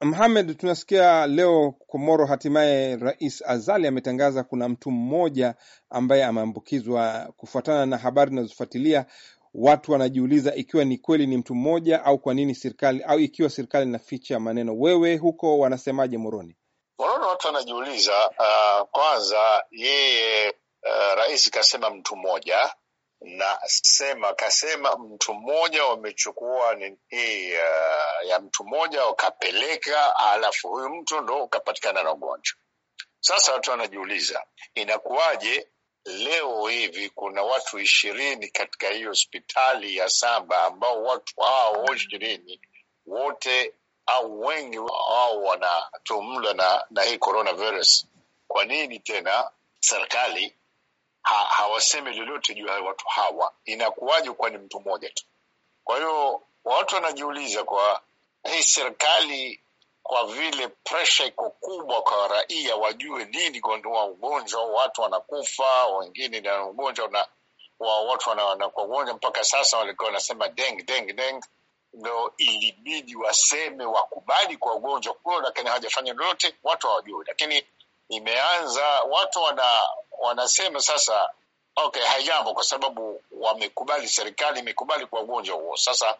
Mohamed, tunasikia leo Komoro, hatimaye Rais Azali ametangaza kuna mtu mmoja ambaye ameambukizwa. Kufuatana na habari inazofuatilia watu wanajiuliza ikiwa ni kweli ni mtu mmoja au kwa nini serikali au ikiwa serikali inaficha maneno. Wewe huko wanasemaje Moroni? Moroni watu wanajiuliza. Uh, kwanza yeye uh, rais kasema mtu mmoja na sema kasema mtu mmoja wamechukua hii ya, eh, ya mtu mmoja wakapeleka, alafu huyu mtu ndo ukapatikana na ugonjwa. Sasa watu wanajiuliza inakuwaje leo hivi kuna watu ishirini katika hiyo hospitali ya saba ambao watu hao ishirini wote au wengi wao wanatumla na, na hii coronavirus. Kwa nini tena serikali ha, hawasemi lolote juu ya watu hawa. Inakuwaje kuwa ni mtu mmoja tu? Kwa hiyo watu wanajiuliza kwa hii serikali, kwa vile presha iko kubwa kwa raia wajue nini wa ugonjwa, watu wanakufa, wengine na ugonjwa na wa watu wanakuwa ugonjwa mpaka sasa walikuwa wanasema deng deng deng, ndo ilibidi waseme wakubali kwa ugonjwa kuo, lakini hawajafanya lolote, watu hawajui, lakini imeanza, watu wana wanasema sasa, okay, haijambo kwa sababu wamekubali, serikali imekubali kwa ugonjwa huo, sasa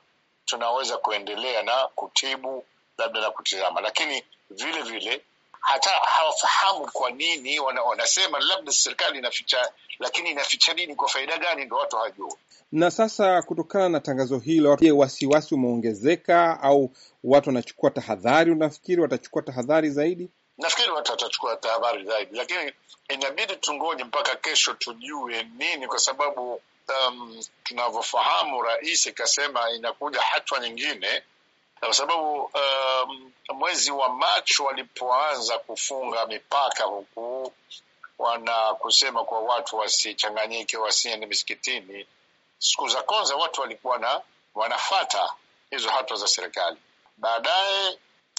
tunaweza kuendelea na kutibu labda na kutizama, lakini vile vile hata hawafahamu kwa nini wana, wanasema labda serikali inaficha, lakini inaficha nini? Kwa faida gani? Ndo watu hawajua. Na sasa kutokana na tangazo hilo, je, wasiwasi umeongezeka au watu wanachukua tahadhari? Unafikiri watachukua tahadhari zaidi? nafikiri watu watachukua tahadhari zaidi, lakini inabidi tungoje mpaka kesho tujue nini, kwa sababu um, tunavyofahamu rais ikasema inakuja hatua nyingine, kwa sababu um, mwezi wa Machi walipoanza kufunga mipaka huku wana kusema kwa watu wasichanganyike, wasiende misikitini. Siku za kwanza watu walikuwa na wanafata hizo hatua za serikali, baadaye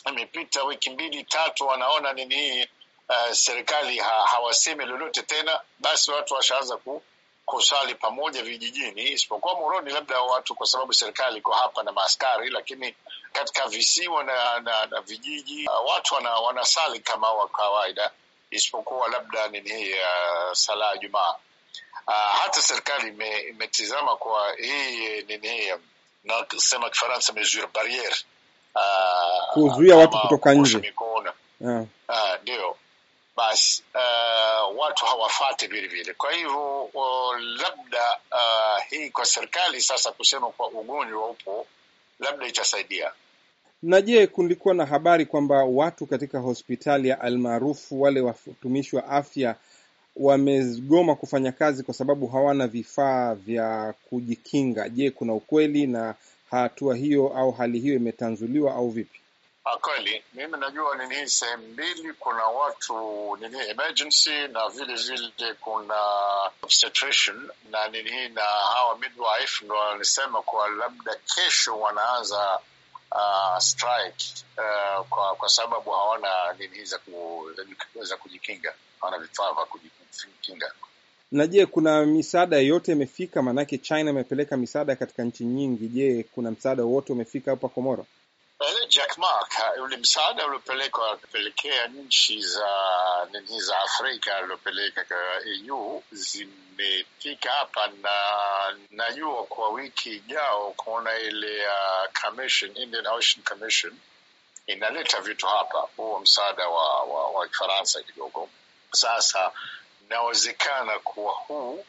imepita wiki mbili tatu, wanaona nini hii uh, serikali ha, hawaseme lolote tena, basi watu washaanza ku, kusali pamoja vijijini, isipokuwa Moroni labda watu, kwa sababu serikali iko hapa na maaskari, lakini katika visiwa na, na, na vijiji uh, watu wana, wanasali kama wa kawaida, isipokuwa labda nini hii uh, sala ya Jumaa. Uh, hata serikali imetizama kwa hii nini, nasema Kifaransa mesure barriere Ah, kuzuia watu kutoka nje yeah. Ah, ndio basi uh, watu hawafate vile vile. Kwa hivyo uh, labda uh, hii kwa serikali sasa kusema kwa ugonjwa upo labda itasaidia. Na je, kulikuwa na habari kwamba watu katika hospitali ya almaarufu wale watumishi wa afya wamegoma kufanya kazi kwa sababu hawana vifaa vya kujikinga. Je, kuna ukweli na hatua hiyo au hali hiyo imetanzuliwa au vipi? Ah, kweli mimi najua nini hii sehemu mbili, kuna watu nini emergency na vile vile kuna obstetrician na nini hii na hawa midwife ndo wanisema kuwa labda kesho wanaanza uh, strike uh, kwa, kwa sababu hawana nini hii za kuweza kujikinga, hawana vifaa vya kujikinga. Na je, kuna misaada yote imefika? Maanake China imepeleka misaada katika nchi nyingi. Je, kuna msaada wote umefika hapa Komoro? Eh, Jack Ma, eh, ule msaada uliopelekwa kupelekea nchi za nini za Afrika aliopeleka EU zimefika hapa, na najua kwa wiki ijao kuona ile uh, commission, Indian Ocean Commission inaleta vitu hapa, huo msaada wa wa, wa Kifaransa kidogo sasa inawezekana kuwa huu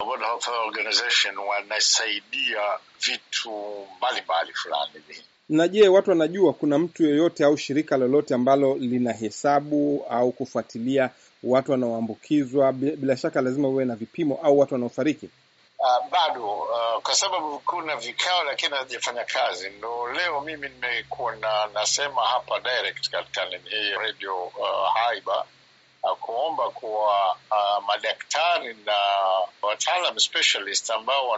World Health Organization wanasaidia vitu mbalimbali fulani. Na je, watu wanajua kuna mtu yoyote au shirika lolote ambalo linahesabu au kufuatilia watu wanaoambukizwa? Bila shaka lazima uwe na vipimo au watu wanaofariki. Uh, bado uh, kwa sababu kuna vikao lakini hajafanya kazi. Ndo leo mimi nimekuwa nasema hapa direct katika hii radio uh, ah, Haiba kuomba kuwa uh, madaktari na wataalam specialist ambao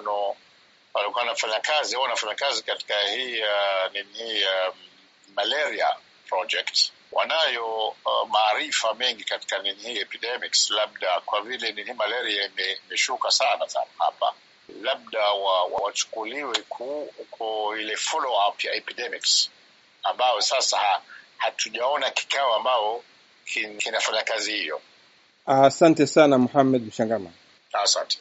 walikuwa wanafanya kazi au wanafanya kazi katika hii uh, nini um, malaria project wanayo uh, maarifa mengi katika nini hii epidemics. Labda kwa vile nini malaria imeshuka sana sana hapa, labda wachukuliwe wa, ku, ku ile follow up ya epidemics ambayo sasa hatujaona kikao ambao kinafanya kazi hiyo. Asante sana Muhamed Mshangama, asante.